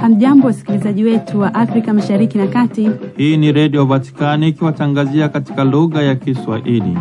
Hamjambo, wasikilizaji wetu wa Afrika Mashariki na Kati. Hii ni Redio Vatikani ikiwatangazia katika lugha ya Kiswahili.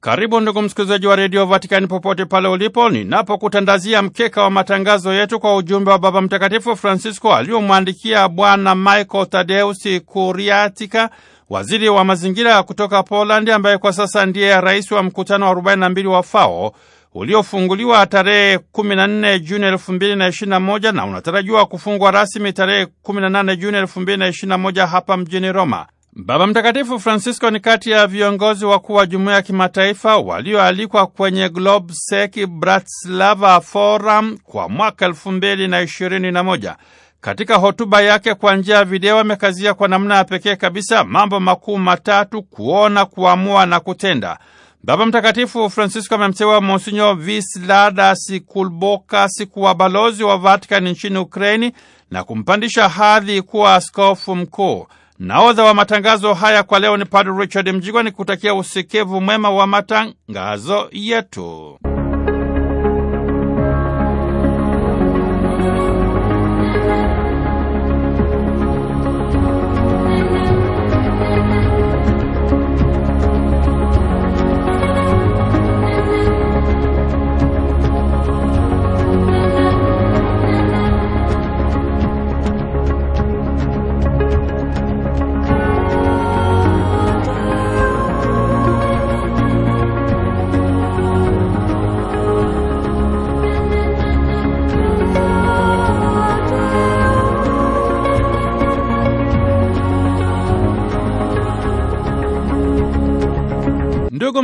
Karibu ndugu msikilizaji wa redio Vatikani popote pale ulipo, ninapokutandazia mkeka wa matangazo yetu kwa ujumbe wa Baba Mtakatifu Francisco aliyomwandikia Bwana Michael Tadeusi Kuriatika Waziri wa mazingira kutoka Polandi ambaye kwa sasa ndiye rais wa mkutano wa 42 wa FAO uliofunguliwa tarehe 14 Juni 2021 na unatarajiwa kufungwa rasmi tarehe 18 Juni 2021 hapa mjini Roma. Baba Mtakatifu Francisco ni kati ya viongozi wakuu wa jumuiya ya kimataifa walioalikwa kwenye Globsec Bratislava Forum kwa mwaka 2021. Katika hotuba yake kwa njia ya video amekazia kwa namna ya pekee kabisa mambo makuu matatu: kuona, kuamua na kutenda. Baba Mtakatifu Francisco amemteua Monsinyo kulboka Sikulboka kuwa balozi wa Vatikani nchini Ukraini na kumpandisha hadhi kuwa askofu mkuu. Naodha wa matangazo haya kwa leo ni Padre Richard Mjigwa, ni kutakia usikivu mwema wa matangazo yetu.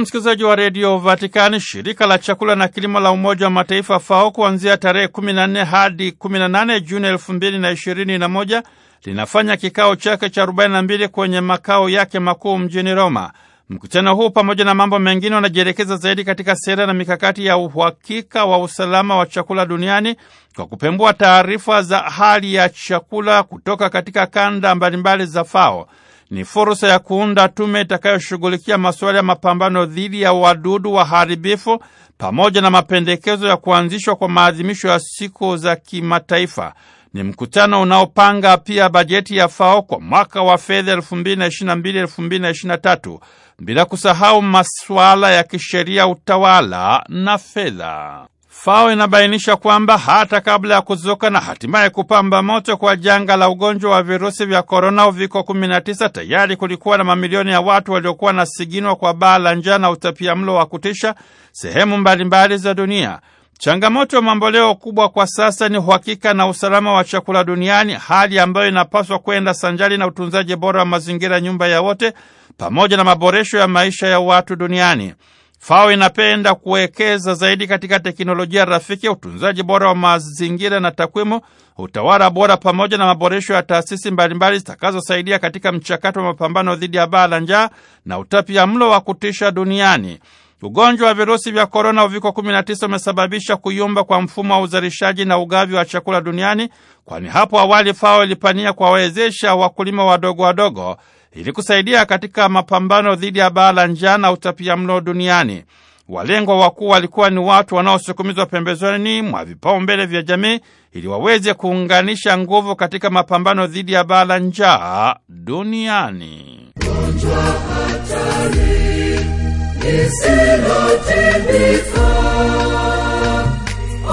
msikilizaji wa redio Vatikani, shirika la chakula na kilimo la Umoja wa Mataifa FAO kuanzia tarehe 14 hadi 18 Juni 2021 linafanya kikao chake cha 42 kwenye makao yake makuu mjini Roma. Mkutano huu pamoja na mambo mengine unajielekeza zaidi katika sera na mikakati ya uhakika wa usalama wa chakula duniani kwa kupembua taarifa za hali ya chakula kutoka katika kanda mbalimbali za FAO ni fursa ya kuunda tume itakayoshughulikia masuala ya mapambano dhidi ya wadudu waharibifu pamoja na mapendekezo ya kuanzishwa kwa maadhimisho ya siku za kimataifa. Ni mkutano unaopanga pia bajeti ya FAO kwa mwaka wa fedha 2022/2023 bila kusahau masuala ya kisheria, utawala na fedha. FAO inabainisha kwamba hata kabla ya kuzuka na hatimaye kupamba moto kwa janga la ugonjwa wa virusi vya korona uviko 19, tayari kulikuwa na mamilioni ya watu waliokuwa na siginwa kwa baa la njaa na mlo wa kutisha sehemu mbalimbali za dunia. Changamoto mamboleo kubwa kwa sasa ni uhakika na usalama wa chakula duniani, hali ambayo inapaswa kwenda sanjari na utunzaji bora wa mazingira, nyumba ya wote, pamoja na maboresho ya maisha ya watu duniani. FAO inapenda kuwekeza zaidi katika teknolojia rafiki, utunzaji bora wa mazingira na takwimu, utawala bora, pamoja na maboresho ya taasisi mbalimbali zitakazosaidia katika mchakato wa mapambano dhidi ya baa la njaa na utapia mlo wa kutisha duniani. Ugonjwa wa virusi vya korona uviko 19 umesababisha kuyumba kwa mfumo wa uzalishaji na ugavi wa chakula duniani, kwani hapo awali FAO ilipania kuwawezesha wakulima wadogo wadogo ili kusaidia katika mapambano dhidi ya baa la njaa na mlo duniani. Walengwa wakuu walikuwa ni watu wanaosukumizwa pembezoni mwa vipaumbele vya jamii ili waweze kuunganisha nguvu katika mapambano dhidi ya baa la njaa duniani.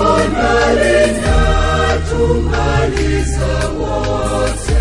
Onalina tumaliza wote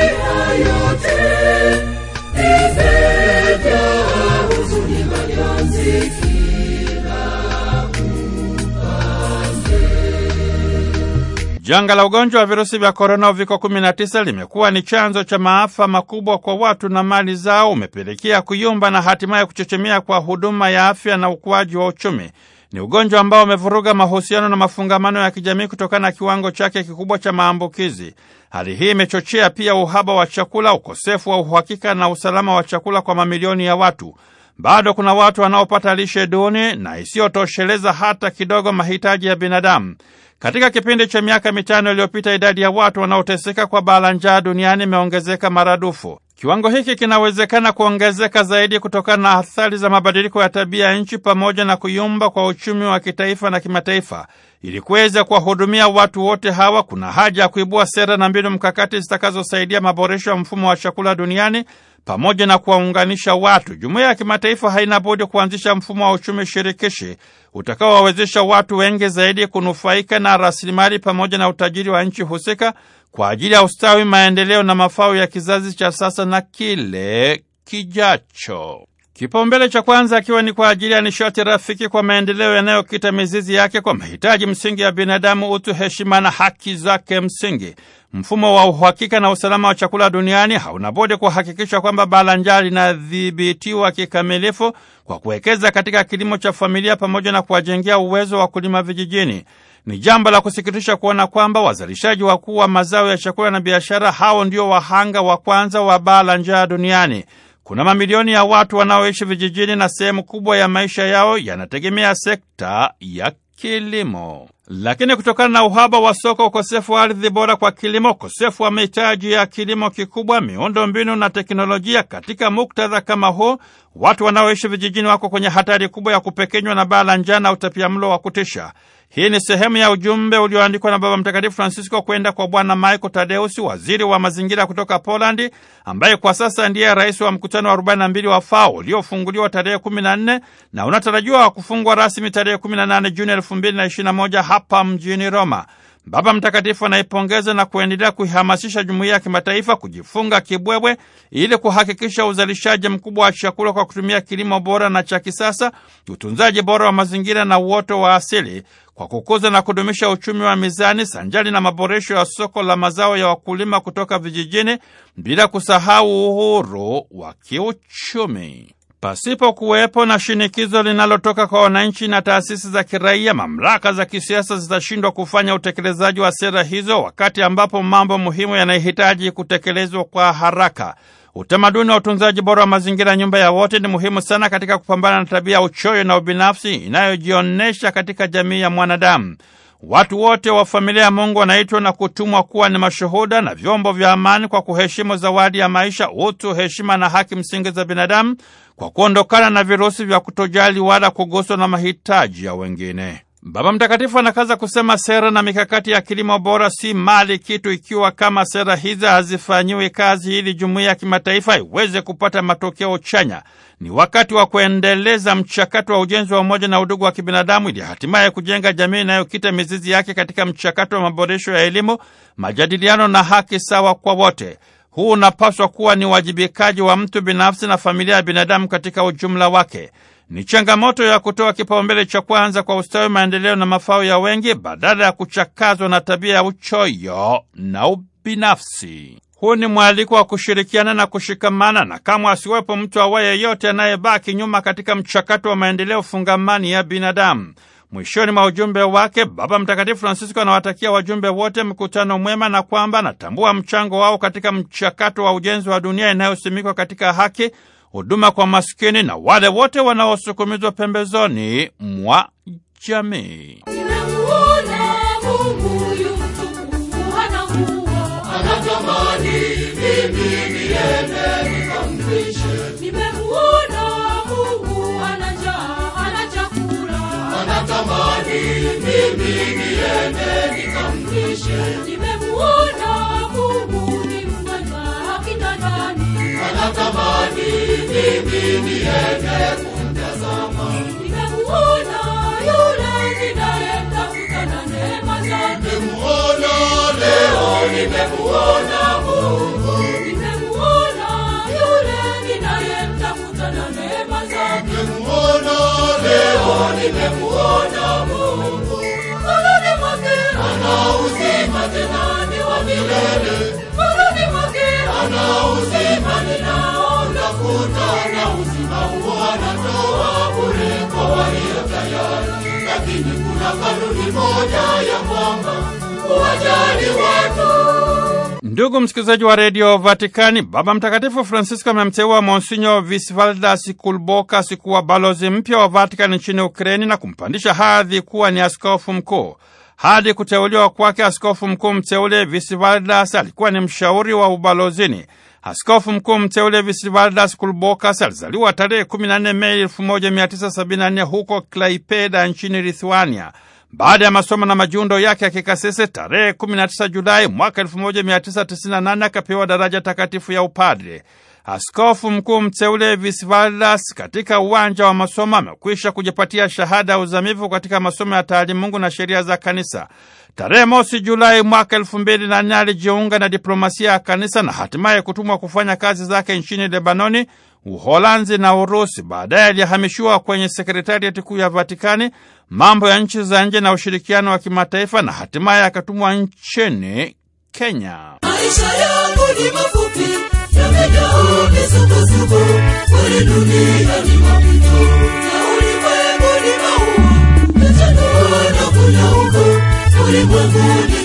Janga la ugonjwa wa virusi vya korona uviko 19 limekuwa ni chanzo cha maafa makubwa kwa watu na mali zao, umepelekea kuyumba na hatimaye kuchechemea kwa huduma ya afya na ukuaji wa uchumi. Ni ugonjwa ambao umevuruga mahusiano na mafungamano ya kijamii kutokana na kiwango chake kikubwa cha maambukizi. Hali hii imechochea pia uhaba wa chakula, ukosefu wa uhakika na usalama wa chakula kwa mamilioni ya watu. Bado kuna watu wanaopata lishe duni na isiyotosheleza hata kidogo mahitaji ya binadamu. Katika kipindi cha miaka mitano iliyopita, idadi ya watu wanaoteseka kwa baa la njaa duniani imeongezeka maradufu. Kiwango hiki kinawezekana kuongezeka zaidi kutokana na athari za mabadiliko ya tabia ya nchi pamoja na kuyumba kwa uchumi wa kitaifa na kimataifa. Ili kuweza kuwahudumia watu wote hawa, kuna haja ya kuibua sera na mbinu mkakati zitakazosaidia maboresho ya mfumo wa chakula duniani pamoja na kuwaunganisha watu. Jumuiya ya kimataifa haina budi kuanzisha mfumo wa uchumi shirikishi utakaowawezesha watu wengi zaidi kunufaika na rasilimali pamoja na utajiri wa nchi husika kwa ajili ya ustawi, maendeleo na mafao ya kizazi cha sasa na kile kijacho. Kipaumbele cha kwanza akiwa ni kwa ajili ya nishati rafiki kwa maendeleo yanayokita mizizi yake kwa mahitaji msingi ya binadamu, utu, heshima na haki zake msingi. Mfumo wa uhakika na usalama wa chakula duniani hauna budi kuhakikisha kwamba baa njaa linadhibitiwa kikamilifu kwa kuwekeza katika kilimo cha familia pamoja na kuwajengea uwezo wa kulima vijijini. Ni jambo la kusikitisha kuona kwamba wazalishaji wakuu wa mazao ya chakula na biashara hao ndio wahanga wa kwanza wa baa njaa duniani. Kuna mamilioni ya watu wanaoishi vijijini na sehemu kubwa ya maisha yao yanategemea sekta ya kilimo. Lakini kutokana na uhaba wa soko, ukosefu wa ardhi bora kwa kilimo, ukosefu wa mahitaji ya kilimo kikubwa, miundo mbinu na teknolojia, katika muktadha kama huu, watu wanaoishi vijijini wako kwenye hatari kubwa ya kupekenywa na baa la njaa na utapiamlo wa kutisha. Hii ni sehemu ya ujumbe ulioandikwa na Baba Mtakatifu Francisco kwenda kwa Bwana Michael Tadeus, waziri wa mazingira kutoka Polandi, ambaye kwa sasa ndiye rais wa mkutano wa 42 wa FAO uliofunguliwa tarehe 14 na unatarajiwa kufungwa rasmi tarehe 18 Juni 2021 hapa mjini Roma. Baba Mtakatifu anaipongeza na kuendelea kuihamasisha jumuiya ya kimataifa kujifunga kibwebwe ili kuhakikisha uzalishaji mkubwa wa chakula kwa kutumia kilimo bora na cha kisasa, utunzaji bora wa mazingira na uoto wa asili kwa kukuza na kudumisha uchumi wa mizani sanjali na maboresho ya soko la mazao ya wakulima kutoka vijijini, bila kusahau uhuru wa kiuchumi. Pasipo kuwepo na shinikizo linalotoka kwa wananchi na taasisi za kiraia, mamlaka za kisiasa zitashindwa kufanya utekelezaji wa sera hizo, wakati ambapo mambo muhimu yanahitaji kutekelezwa kwa haraka. Utamaduni wa utunzaji bora wa mazingira, nyumba ya wote, ni muhimu sana katika kupambana na tabia ya uchoyo na ubinafsi inayojionyesha katika jamii ya mwanadamu. Watu wote wa familia ya Mungu wanaitwa na kutumwa kuwa ni mashuhuda na vyombo vya amani kwa kuheshimu zawadi ya maisha, utu, heshima na haki msingi za binadamu, kwa kuondokana na virusi vya kutojali wala kuguswa na mahitaji ya wengine. Baba Mtakatifu anakaza kusema sera na mikakati ya kilimo bora si mali kitu, ikiwa kama sera hizi hazifanyiwi kazi ili jumuiya ya kimataifa iweze kupata matokeo chanya. Ni wakati wa kuendeleza mchakato wa ujenzi wa umoja na udugu wa kibinadamu ili hatimaye kujenga jamii inayokita mizizi yake katika mchakato wa maboresho ya elimu, majadiliano na haki sawa kwa wote. Huu unapaswa kuwa ni uwajibikaji wa mtu binafsi na familia ya binadamu katika ujumla wake ni changamoto ya kutoa kipaumbele cha kwanza kwa ustawi, maendeleo na mafao ya wengi badala ya kuchakazwa na tabia ya uchoyo na ubinafsi. Huu ni mwaliko wa kushirikiana na kushikamana, na kamwe asiwepo mtu awaye yeyote anayebaki nyuma katika mchakato wa maendeleo fungamani ya binadamu. Mwishoni mwa ujumbe wake, Baba Mtakatifu Francisco anawatakia wajumbe wote mkutano mwema, na kwamba anatambua mchango wao katika mchakato wa ujenzi wa dunia inayosimikwa katika haki huduma kwa maskini na wale wote wanaosukumizwa pembezoni mwa jamii. Nimemuona Mungu ni anatamani nimemuona ana uzima tena ni wa milele, koloni mwake ana uzima lakini kuna kanuni moja ya kwamba wajali watu. Ndugu msikilizaji wa redio Vatikani, Baba Mtakatifu Francisco amemteua Monsinyo Visvaldas Kulbokas kuwa balozi mpya wa Vatikani nchini Ukraini na kumpandisha hadhi kuwa ni askofu mkuu. Hadi kuteuliwa kwake askofu mkuu mteule, Visvaldas alikuwa ni mshauri wa ubalozini. Askofu mkuu mteule Visivaldas Kulbokas alizaliwa tarehe 14 Mei 1974 huko Klaipeda nchini Lithuania. Baada ya masomo na majundo yake ya kikasisi, tarehe 19 Julai mwaka 1998 akapewa daraja takatifu ya upadre. Askofu mkuu mteule visvaldas katika uwanja wa masomo amekwisha kujipatia shahada ya uzamivu katika masomo ya mungu na sheria za kanisa. Tarehe mosi Julai mwaka elfu mbili na nne alijiunga na diplomasia ya kanisa na hatimaye kutumwa kufanya kazi zake nchini Lebanoni, Uholanzi na Urusi. Baadaye alihamishiwa kwenye sekretarieti kuu ya Vatikani, mambo ya nchi za nje na ushirikiano wa kimataifa, na hatimaye akatumwa nchini Kenya. Maisha yangu ni mafupi yamejaa misukosuko kweli dunia ni mapito na ulimwengu ni maua yachanua na kunyauka ulimwenguni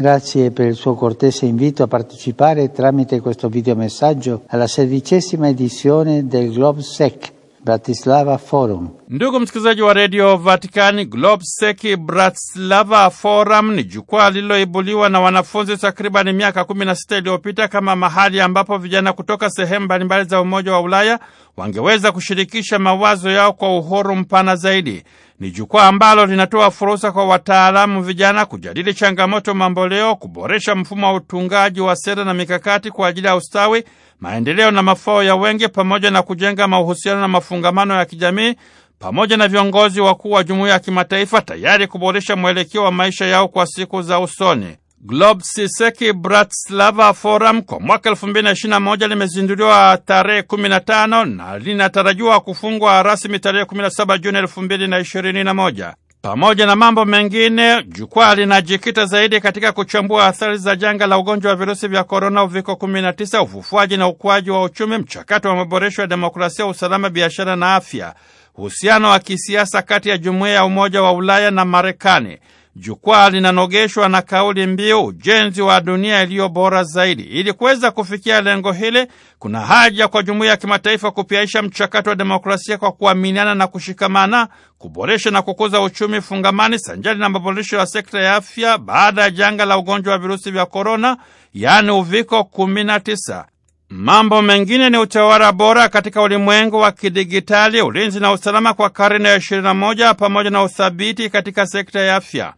Grazie per il suo cortese invito a partecipare tramite questo videomessaggio alla sedicesima edizione del GlobeSec Bratislava Forum. Ndugu msikilizaji wa redio Vatikani, Globsec Bratislava Forum ni jukwaa lililoibuliwa na wanafunzi takriban miaka 16 iliyopita kama mahali ambapo vijana kutoka sehemu mbalimbali za Umoja wa Ulaya wangeweza kushirikisha mawazo yao kwa uhuru mpana zaidi ni jukwaa ambalo linatoa fursa kwa wataalamu vijana kujadili changamoto mamboleo, kuboresha mfumo wa utungaji wa sera na mikakati kwa ajili ya ustawi, maendeleo na mafao ya wengi, pamoja na kujenga mahusiano na mafungamano ya kijamii pamoja na viongozi wakuu wa jumuiya ya kimataifa, tayari kuboresha mwelekeo wa maisha yao kwa siku za usoni. Globsiseki Bratislava Forum kwa mwaka 2021 limezinduliwa tarehe 15 na linatarajiwa kufungwa rasmi tarehe 17 Juni 2021. Pamoja na mambo mengine, jukwaa linajikita zaidi katika kuchambua athari za janga la ugonjwa wa virusi vya korona uviko 19, ufufuaji na ukuaji wa uchumi, mchakato wa maboresho ya demokrasia, usalama, biashara na afya, uhusiano wa kisiasa kati ya jumuiya ya Umoja wa Ulaya na Marekani. Jukwaa linanogeshwa na kauli mbiu ujenzi wa dunia iliyo bora zaidi. Ili kuweza kufikia lengo hili, kuna haja kwa jumuiya ya kimataifa kupiaisha mchakato wa demokrasia kwa kuaminiana na kushikamana, kuboresha na kukuza uchumi fungamani sanjari na maboresho ya sekta ya afya baada ya janga la ugonjwa wa virusi vya korona, yaani uviko 19. Mambo mengine ni utawala bora katika ulimwengu wa kidigitali, ulinzi na usalama kwa karne ya 21, pamoja na uthabiti katika sekta ya afya.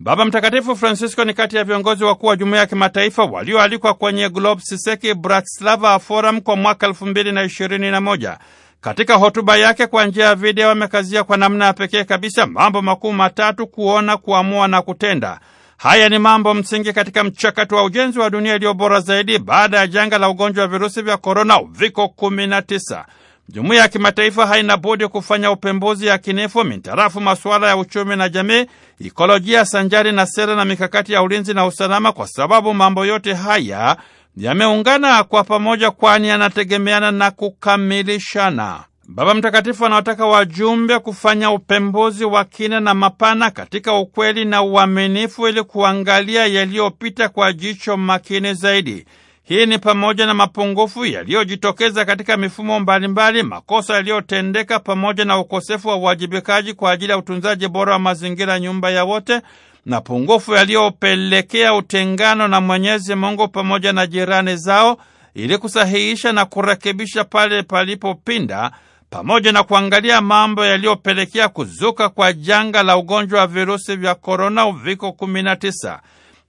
Baba Mtakatifu Francisco ni kati ya viongozi wakuu wa jumuiya ya kimataifa walioalikwa kwenye Globsiseki Bratislava Forum kwa mwaka 2021. Katika hotuba yake kwa njia ya video amekazia kwa namna ya pekee kabisa mambo makuu matatu: kuona, kuamua na kutenda. Haya ni mambo msingi katika mchakato wa ujenzi wa dunia iliyo bora zaidi baada ya janga la ugonjwa wa virusi vya korona uviko 19. Jumuiya ya kimataifa haina budi kufanya upembuzi yakinifu mintarafu masuala ya uchumi na jamii, ikolojia, sanjari na sera na mikakati ya ulinzi na usalama, kwa sababu mambo yote haya yameungana kwa pamoja, kwani yanategemeana na kukamilishana. Baba Mtakatifu anawataka wajumbe kufanya upembuzi wa kina na mapana katika ukweli na uaminifu ili kuangalia yaliyopita kwa jicho makini zaidi. Hii ni pamoja na mapungufu yaliyojitokeza katika mifumo mbalimbali, makosa yaliyotendeka, pamoja na ukosefu wa uwajibikaji kwa ajili ya utunzaji bora wa mazingira, nyumba ya wote, mapungufu yaliyopelekea utengano na Mwenyezi Mungu pamoja na jirani zao, ili kusahihisha na kurekebisha pale palipopinda pamoja na kuangalia mambo yaliyopelekea kuzuka kwa janga la ugonjwa wa virusi vya korona uviko 19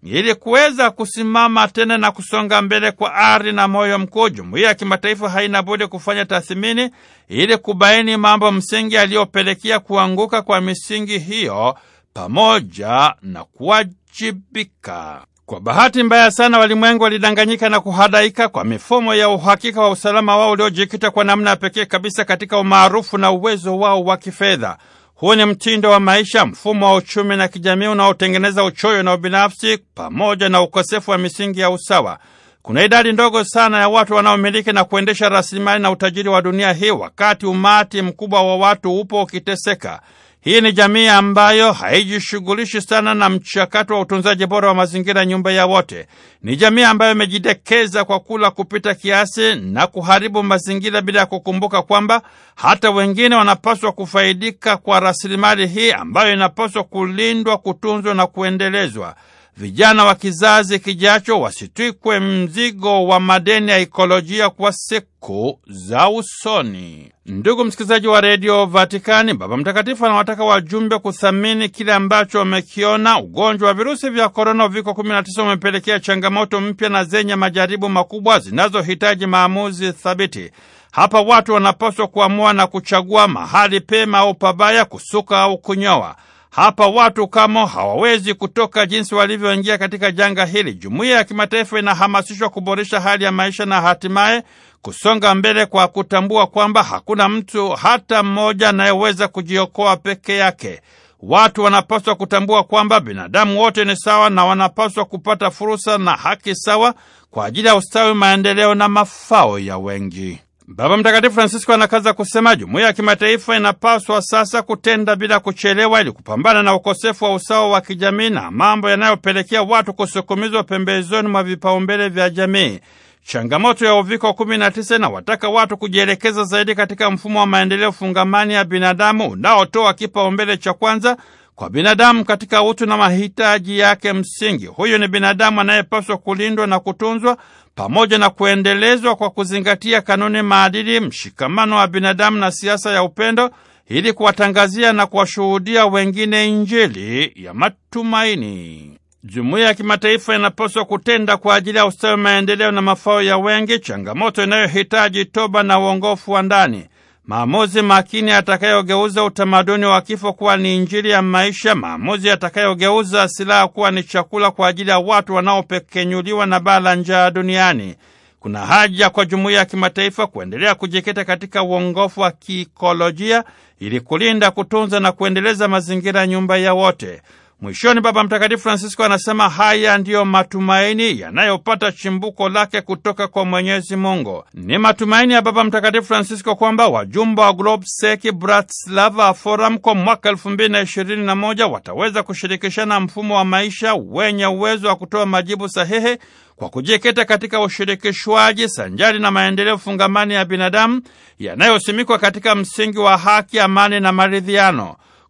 ili kuweza kusimama tena na kusonga mbele kwa ari na moyo mkuu, jumuiya ya kimataifa haina budi kufanya tathmini ili kubaini mambo msingi yaliyopelekea kuanguka kwa misingi hiyo pamoja na kuwajibika. Kwa bahati mbaya sana, walimwengu walidanganyika na kuhadaika kwa mifumo ya uhakika wa usalama wao uliojikita kwa namna ya pekee kabisa katika umaarufu na uwezo wao wa kifedha. Huu ni mtindo wa maisha, mfumo wa uchumi na kijamii unaotengeneza uchoyo na ubinafsi pamoja na ukosefu wa misingi ya usawa. Kuna idadi ndogo sana ya watu wanaomiliki na kuendesha rasilimali na utajiri wa dunia hii, wakati umati mkubwa wa watu upo ukiteseka. Hii ni jamii ambayo haijishughulishi sana na mchakato wa utunzaji bora wa mazingira, nyumba ya wote. Ni jamii ambayo imejidekeza kwa kula kupita kiasi na kuharibu mazingira bila ya kukumbuka kwamba hata wengine wanapaswa kufaidika kwa rasilimali hii ambayo inapaswa kulindwa, kutunzwa na kuendelezwa vijana wa kizazi kijacho wasitwikwe mzigo wa madeni ya ikolojia kwa siku za usoni. Ndugu msikilizaji wa redio Vatikani, Baba Mtakatifu anawataka wajumbe kuthamini kile ambacho wamekiona. Ugonjwa wa virusi vya korona uviko 19 umepelekea changamoto mpya na zenye majaribu makubwa zinazohitaji maamuzi thabiti. Hapa watu wanapaswa kuamua na kuchagua mahali pema au pabaya, kusuka au kunyoa. Hapa watu kamo hawawezi kutoka jinsi walivyoingia katika janga hili. Jumuiya ya kimataifa inahamasishwa kuboresha hali ya maisha na hatimaye kusonga mbele kwa kutambua kwamba hakuna mtu hata mmoja anayeweza kujiokoa peke yake. Watu wanapaswa kutambua kwamba binadamu wote ni sawa na wanapaswa kupata fursa na haki sawa kwa ajili ya ustawi, maendeleo na mafao ya wengi. Baba Mtakatifu Francisco anakaza kusema jumuiya ya kimataifa inapaswa sasa kutenda bila kuchelewa ili kupambana na ukosefu wa usawa wa kijamii na mambo yanayopelekea watu kusukumizwa pembezoni mwa vipaumbele vya jamii. Changamoto ya uviko 19 inawataka watu kujielekeza zaidi katika mfumo wa maendeleo fungamani ya binadamu unaotoa kipaumbele cha kwanza kwa binadamu katika utu na mahitaji yake msingi. Huyu ni binadamu anayepaswa kulindwa na kutunzwa pamoja na kuendelezwa kwa kuzingatia kanuni, maadili, mshikamano wa binadamu na siasa ya upendo ili kuwatangazia na kuwashuhudia wengine Injili ya matumaini. Jumuiya ya kimataifa inapaswa kutenda kwa ajili ya ustawi, maendeleo na mafao ya wengi, changamoto inayohitaji toba na uongofu wa ndani maamuzi makini yatakayogeuza utamaduni wa kifo kuwa ni injili ya maisha, maamuzi yatakayogeuza silaha kuwa ni chakula kwa ajili ya watu wanaopekenyuliwa na baa la njaa duniani. Kuna haja kwa jumuiya ya kimataifa kuendelea kujikita katika uongofu wa kiikolojia ili kulinda, kutunza na kuendeleza mazingira, nyumba ya wote. Mwishoni, Baba Mtakatifu Francisco anasema haya ndiyo matumaini yanayopata chimbuko lake kutoka kwa Mwenyezi Mungu. Ni matumaini ya Baba Mtakatifu Francisco kwamba wajumbe wa Seki Bratislava Forum kwa mwaka elfu mbili na ishirini na moja wataweza kushirikishana mfumo wa maisha wenye uwezo wa kutoa majibu sahihi kwa kujikita katika ushirikishwaji sanjari na maendeleo fungamani ya binadamu yanayosimikwa katika msingi wa haki, amani na maridhiano.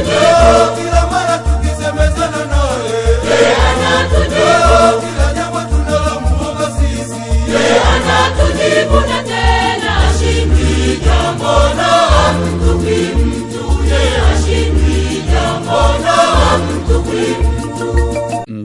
Lord.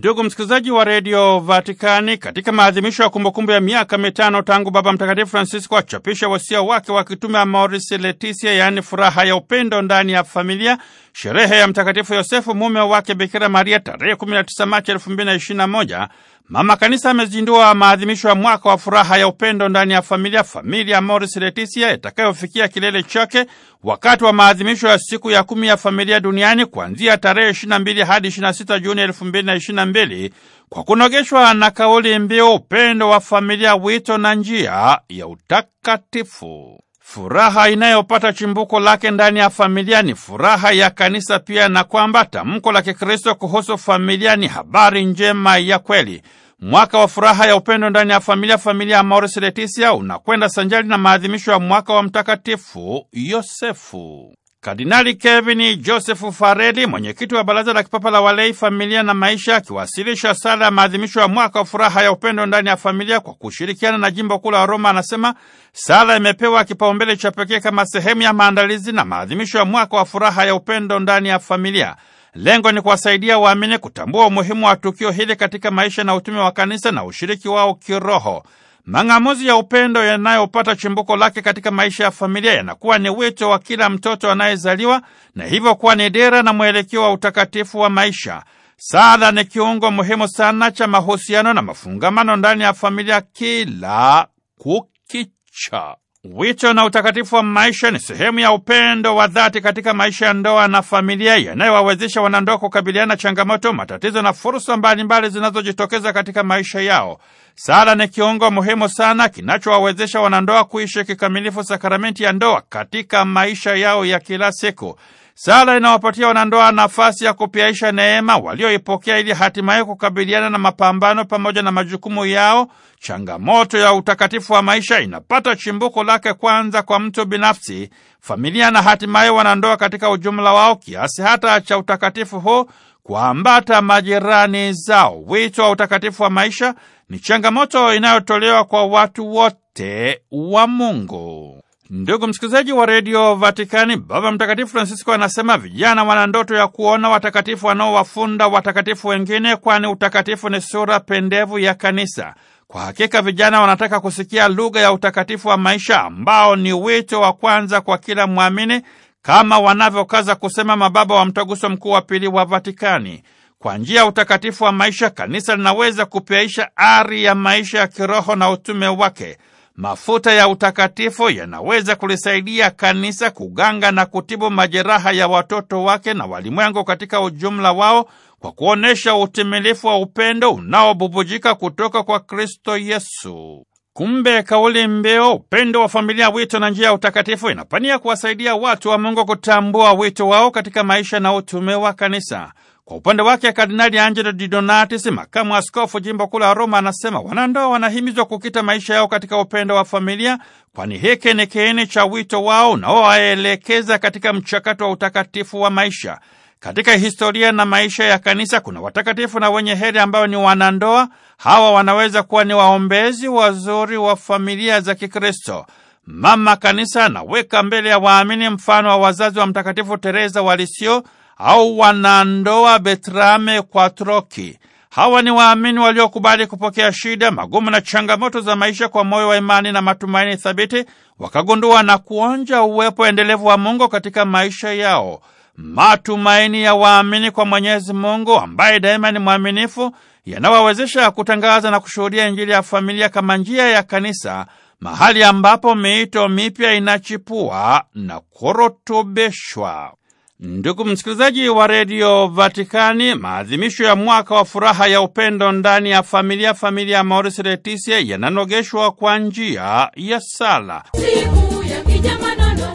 Ndugu msikilizaji wa redio Vatikani, katika maadhimisho ya kumbukumbu ya miaka mitano tangu Baba Mtakatifu Francisco achapisha wasia wake wa kitume Amoris Laetitia, yaani furaha ya upendo ndani ya familia, sherehe ya Mtakatifu Yosefu mume wake Bikira Maria tarehe 19 Machi 2021 Mama Kanisa amezindua maadhimisho ya mwaka wa furaha ya upendo ndani ya familia, Familia Amoris leticia itakayofikia kilele chake wakati wa maadhimisho ya siku ya kumi ya familia duniani kuanzia tarehe 22 hadi 26 Juni 2022 kwa kunogeshwa na kauli mbiu upendo wa familia, wito na njia ya utakatifu. Furaha inayopata chimbuko lake ndani ya familia ni furaha ya kanisa pia, na kwamba tamko la Kikristo kuhusu familia ni habari njema ya kweli. Mwaka wa furaha ya upendo ndani ya familia, familia ya Amoris Laetitia, unakwenda sanjari na maadhimisho ya mwaka wa Mtakatifu Yosefu. Kardinali Kevin Joseph Fareli, mwenyekiti wa Baraza la Kipapa la Walei, Familia na Maisha, akiwasilisha sala ya maadhimisho ya mwaka wa furaha ya upendo ndani ya familia kwa kushirikiana na jimbo kuu la Roma, anasema sala imepewa kipaumbele cha pekee kama sehemu ya maandalizi na maadhimisho ya mwaka wa furaha ya upendo ndani ya familia. Lengo ni kuwasaidia waamini kutambua umuhimu wa tukio hili katika maisha na utume wa kanisa na ushiriki wao kiroho. Mang'amuzi ya upendo yanayopata chimbuko lake katika maisha ya familia yanakuwa ni wito wa kila mtoto anayezaliwa na hivyo kuwa ni dira na mwelekeo wa utakatifu wa maisha. Sala ni kiungo muhimu sana cha mahusiano na mafungamano ndani ya familia kila kukicha. Wito na utakatifu wa maisha ni sehemu ya upendo wa dhati katika maisha ya ndoa na familia yanayowawezesha wanandoa kukabiliana changamoto, matatizo na fursa mbalimbali zinazojitokeza katika maisha yao. Sala ni kiungo muhimu sana kinachowawezesha wanandoa kuishi kikamilifu sakramenti ya ndoa katika maisha yao ya kila siku. Sala inawapatia wanandoa nafasi ya kupiaisha neema walioipokea ili hatimaye kukabiliana na mapambano pamoja na majukumu yao. Changamoto ya utakatifu wa maisha inapata chimbuko lake kwanza kwa mtu binafsi, familia na hatimaye wanandoa katika ujumla wao, kiasi hata cha utakatifu huu kuambata majirani zao. Wito wa utakatifu wa maisha ni changamoto inayotolewa kwa watu wote wa Mungu. Ndugu msikilizaji wa redio Vatikani, Baba Mtakatifu Francisco anasema vijana wana ndoto ya kuona watakatifu wanaowafunda watakatifu wengine, kwani utakatifu ni sura pendevu ya kanisa. Kwa hakika vijana wanataka kusikia lugha ya utakatifu wa maisha, ambao ni wito wa kwanza kwa kila mwamini, kama wanavyokaza kusema mababa wa Mtaguso Mkuu wa Pili wa Vatikani. Kwa njia ya utakatifu wa maisha, kanisa linaweza kupeisha ari ya maisha ya kiroho na utume wake. Mafuta ya utakatifu yanaweza kulisaidia kanisa kuganga na kutibu majeraha ya watoto wake na walimwengu katika ujumla wao kwa kuonyesha utimilifu wa upendo unaobubujika kutoka kwa Kristo Yesu. Kumbe kauli mbiu upendo wa familia, wito na njia ya utakatifu inapania kuwasaidia watu wa Mungu kutambua wito wao katika maisha na utume wa kanisa. Kwa upande wake Kardinali Angelo Di Donatis, makamu askofu jimbo kuu la Roma, anasema wanandoa wanahimizwa kukita maisha yao katika upendo wa familia, kwani hiki ni kiini cha wito wao unaowaelekeza katika mchakato wa utakatifu wa maisha. Katika historia na maisha ya kanisa kuna watakatifu na wenye heri ambao ni wanandoa. Hawa wanaweza kuwa ni waombezi wazuri wa familia za Kikristo. Mama Kanisa anaweka mbele ya waamini mfano wa wazazi wa Mtakatifu Teresa wa Lisieux au wanandoa Betrame kwa Troki. Hawa ni waamini waliokubali kupokea shida, magumu na changamoto za maisha kwa moyo wa imani na matumaini thabiti, wakagundua na kuonja uwepo endelevu wa Mungu katika maisha yao. Matumaini ya waamini kwa Mwenyezi Mungu ambaye daima ni mwaminifu yanawawezesha kutangaza na kushuhudia Injili ya familia kama njia ya kanisa, mahali ambapo miito mipya inachipua na kurutubishwa. Ndugu msikilizaji wa redio Vatikani, maadhimisho ya mwaka wa furaha ya upendo ndani ya familia, familia ya Maurice yananogeshwa kwa njia ya sala. Siku ya kijamanano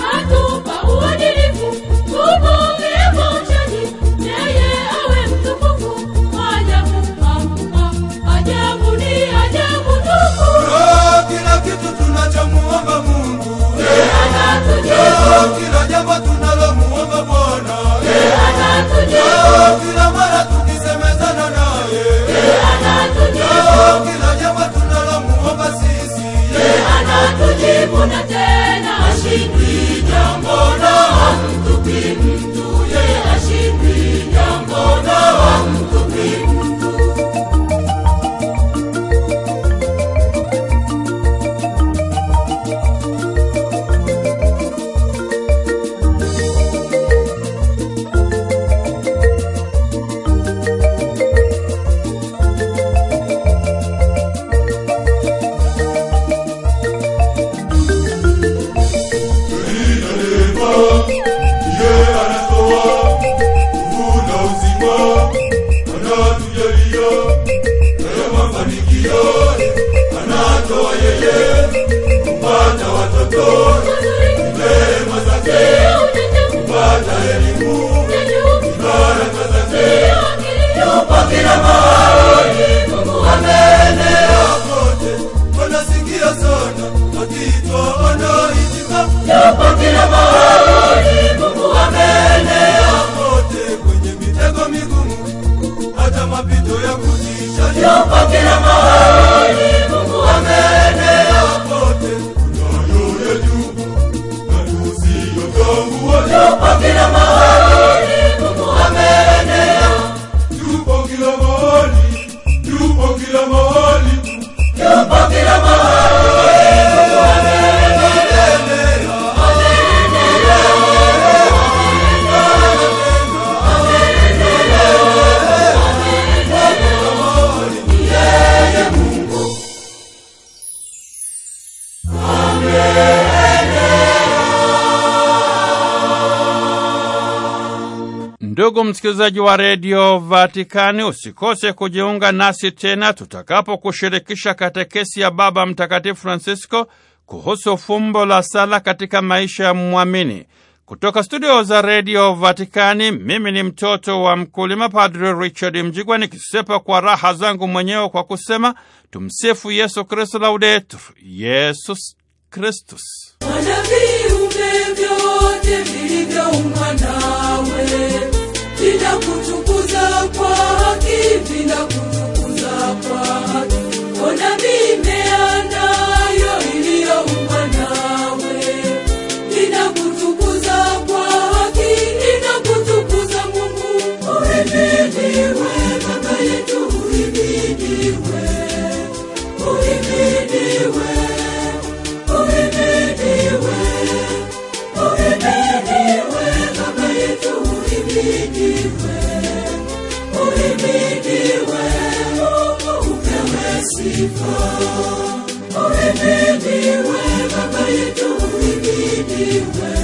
hatupa uadilifu kila jambo tuna watoto yeye kupata watoto neema zake kupata elimu baraka zake kwenye mitego migumu hata mapito ya kutisha yupo Ndugu msikilizaji wa redio Vatikani, usikose kujiunga nasi tena tutakapokushirikisha katekesi ya Baba Mtakatifu Francisco kuhusu fumbo la sala katika maisha ya mwamini. Kutoka studio za redio Vatikani, mimi ni mtoto wa mkulima, Padre Richard Mjigwa, nikisepa kwa raha zangu mwenyewe kwa kusema tumsifu Yesu Kristu, laudetur Yesus Kristus. Help Oh, Baba yetu uhimidiwe